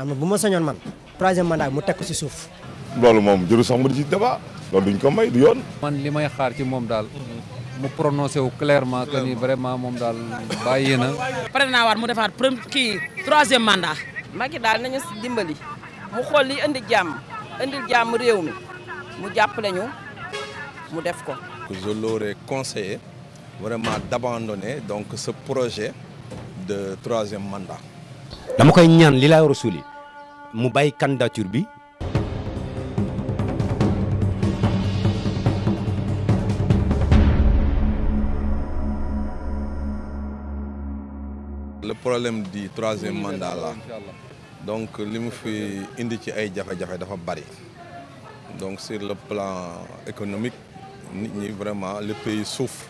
xam nga bu ma sañoon man troisième mandat mu tek ko ci souf loolu mom jëru sax mu di ci débat loolu duñ ko may du yoon. man limay xaar ci moom daal. mu prononcé wu clairement que ni vraiment mom dal bàyyi na. pare naa waat mu defaat premier kii troisième mandat. magi dal nañu si dimbali mu xol li indi jam indil jam réew mi mu jàppale ñu mu def ko. je l'aurais conseillé vraiment d'abandonner donc ce projet de troisième mandat dama koy ñaan li laa rasuli mu bàyyi candidature bi le problème du troisième mandat là donc li mu fi indi ci ay jafe-jafe dafa bari donc sur le plan économique nit ñi vraiment le pays souffre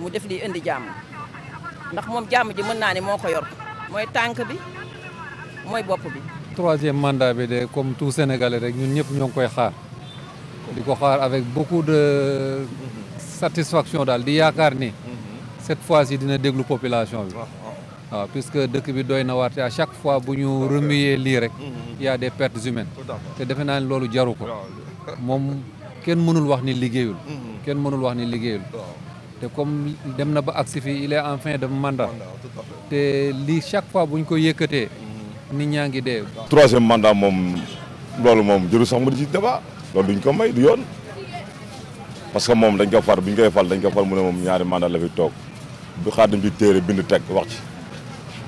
mu def lii indi jàmm ndax moom jàmm ji mën naa ne moo ko yor mooy tànk bi mooy bopp bi. troisième mandat bi de comme tout Sénégalais rek ñun ñëpp ñoo ngi koy xaar di ko xaar avec beaucoup de satisfaction daal di yaakaar ni cette fois-ci dina déglu population bi. waaw puisque dëkk bi doy na waate à chaque fois bu ñu remuer lii rek il y a des pertes humaines te defe naa ne loolu jaru ko moom kenn mënul wax ni liggéeyul kenn mënul wax ni liggéeyul te comme dem na ba aksi fi il est en fin de mandat te li chaque fois buñ ko yëkëté nit ñangi dé dee. troisième mandat mom lolu mom jëru sax mu di ci débat lolu duñ ko may du yoon parce que mom dañ ko far buñ koy fal dañ ko fal mu ne mom ñaari mandat la fi tok du xaar dañ ci téere bind tek wax ci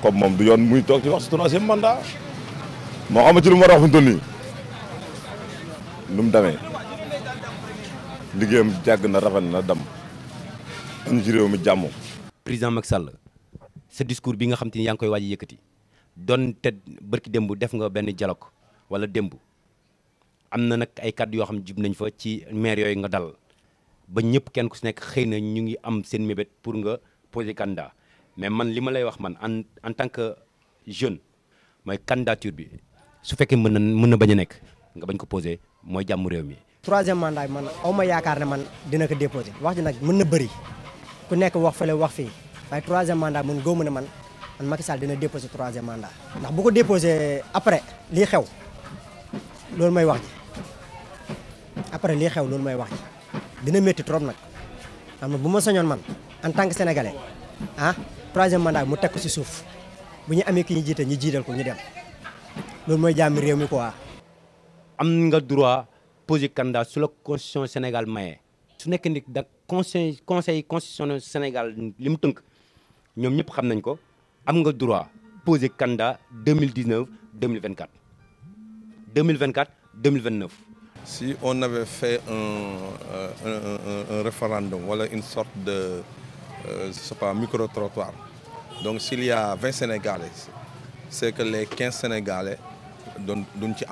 comme mom du yoon muy tok ci wax ci troisième mandat mo xam ci lu mu war a lu mu damé liggéeyam jagg na rafet na dam am ci réew mi jàmm. président Macky Sall sa discours bi nga xam te yang koy waji a don te bërki dembu def nga benn dialogue wala dembu am na nag ay kàddu yo xam jib nañ fa ci maire yoy nga dal ba ñepp kenn ku si nekk xëy ñu ngi am seen mebet pour nga poser candidat mais man lima lay wax man en en tant que jeune moy candidature bi su fekke meuna meuna baña nek nga bañ ko poser moy jamm rew mi. troisième mandat man awma ma ne man dina ko déposer wax ji nak meuna beuri ku nekk wax la wax troisième mandat ne man man Macky Sall dina troisième mandat. ndax bu ko déposé après lii xew loolu may wax après lii xew may wax dina trop nag xam en tant que sénégalais ah troisième mandat mu teg ko si suuf bu ñu ñu ñu ko ñu dem candidat la Sénégal conseil conseil constitutionnel Sénégal nous avons tous le xam nañ candidat 2019 2024 2024 2029. si on avait fait un euh, référendum voilà, une sorte de euh, micro-trottoir donc s'il y a 20 Sénégalais c'est que les 15 Sénégalais duñ ci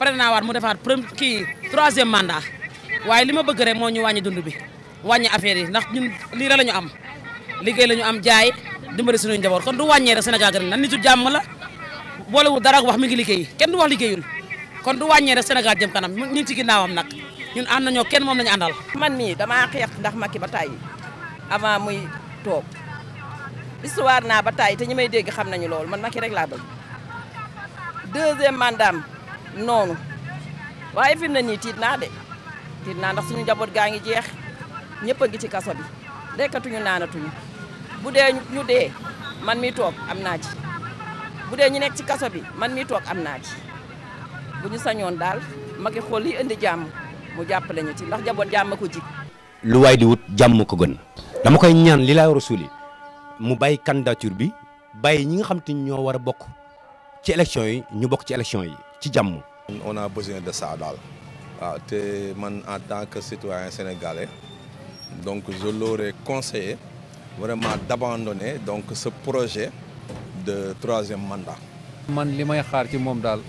je troisième mandat ce que bëgg rek ñu wàññi affaire yi ndax ñun lii la ñu am liggéey la ñu am jaay dimbali suñuy njaboot kon du wàññee rek Sénégal gën na nitu jàmm la boolewul dara wax mi ngi liggéey kenn du wax liggéeyul kon du wàññee rek Sénégal jëm kanam ñu ngi ci ginnaawam nag ñun ànd nañoo kenn moom lañu àndal. man mii damaa xeex ndax Macky ba tàyyi avant muy toog histoire naa ba tàyyi te ñi may dégg xam nañu lool man Macky rek laa bëgg deuxième mandat noonu waaye fi mu ne nii tiit naa de tiit naa ndax suñu njaboot gaa ngi jeex ñëpp a ngi ci kaso bi lekkatuñu naanatuñu bu dee ñu dee man mi toog am naa ci bu dee ñu nekk ci kaso bi man mi toog am naa ci bu ñu sañoon daal magi xool yi indi jàmm mu jàppale ñu ci ndax jaboot jàmm ko jig lu waay diwut jàmm ko gën dama koy ñaan li laay rasul yi mu bàyyi candidature bi bàyyi ñi nga xam te ñoo war a bokk ci élection yi ñu bokk ci élection yi ci jàmm on a besoin de ça daal waaw ah, te man en tant que citoyen sénégalais Donc je leur ai conseillé vraiment d'abandonner donc ce projet de troisième mandat. man li may xaar ci mom dal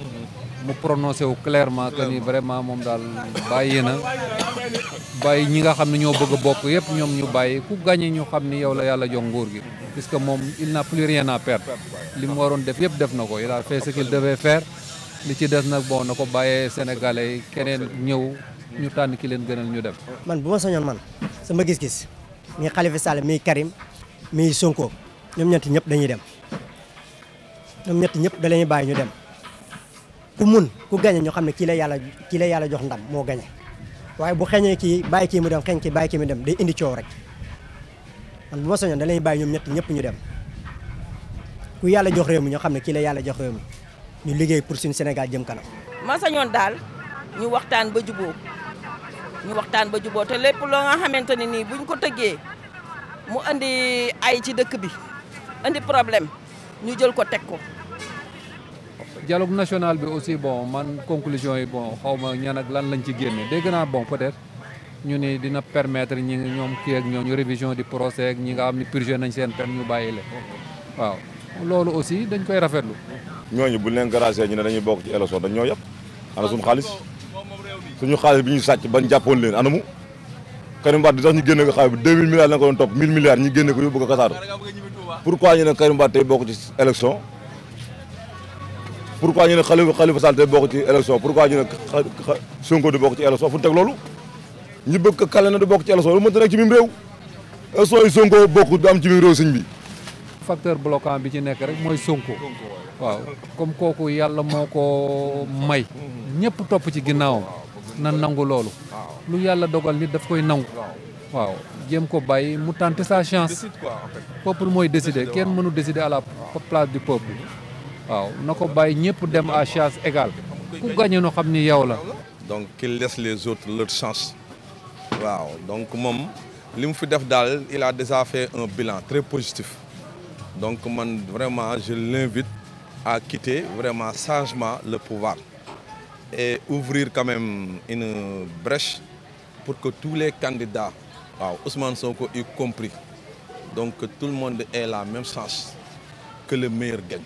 mu prononcé wu clairement que ni vraiment mom dal baye na Baye ñi nga xamni ñoo bëgg bokk yépp ñom ñu bàyyi ku gagné ñu xamni yow la yalla jox nguur gi. puisque mom il n'a plus rien à perdre. li mu waroon def yépp def nako il a fait ce qu'il devait faire li ci dess nak bon nako bayé sénégalais yi keneen ñëw ñu tànn ki leen gënal ñu def. man buma sañon man. sama gis-gis mi Khalifa Sall mi Karim mi Sonko ñoom ñett ñëpp dañuy dem ñoom ñett ñëpp da lañuy bàyyi ñu dem ku mun ku gañe ñu xam ne kii la yàlla kii la yàlla jox ndam moo gañe waaye bu xeñee kii bàyyi kii mu dem xeñ kii bàyyi kii mu dem day indi coow rek man bu ma soñoon da bàyyi ñoom ñett ñëpp ñu dem ku yàlla jox réew mi ñoo xam ne kii la yàlla jox réew mi ñu liggéey pour suñu Sénégal jëm kanam. ma daal ñu waxtaan ba ñu waxtaan ba juboo te lepp lo nga xamanteni ni buñ ko teggé mu andi ay ci dëkk bi andi problème ñu jël ko tek ko dialogue national bi aussi bon man conclusion yi bon xawma ñan ak lan lañ ci génné dégg na bon peut-être ñu ni dina permettre ñi ñom ki ak ñoom ñu révision du procès ak ñi nga am ni purgé nañ seen peine ñu bayé lé waaw lolu aussi dañ koy rafetlu ñoñu bu leen garagé ñu dañuy bok ci élection dañ ñoy yëpp ana sun xaliss suñu xaalis bi ñu sàcc bañ jàppoon leen anamu Karim Wade sax ñu génne ko xaalis bi 2000 milliards la ko doon topp 1000 milliards ñu génne ko yóbbu ko kasaaru pourquoi ñu ne Karim Wade tey bokk ci élection pourquoi ñu ne Khalifa Khalifa Sall tey bokk ci élection pourquoi ñu ne Sonko di bokk ci élection fu ñu teg loolu ñu bëgg ko kale na di bokk ci élection lu mënta nekk ci mim réew élection yi Sonko bokk du ci mim réew sëñ bi facteur bloquant bi ci nekk rek mooy Sonko waaw comme kooku yàlla moo ko may mm-hmm. ñëpp top ci ginnaawam nan nangu loolu lu yalla dogal nit daf koy nangu waaw jéem ko bay mu tenter sa chance peuple mooy décider kenn mënu décider à la place du peuple waaw nako bay bàyyi dem à chance égale ku gagné no xamni yaw la donc il laisse les autres leur chance waaw donc mom li fi def dal il a déjà fait un bilan très positif donc man vraiment je l'invite à quitter vraiment sagement le pouvoir et ouvrir quand même une brèche pour que tous les candidats, Ousmane Sonko y compris, donc que tout le monde ait la même chance que le meilleur gagne.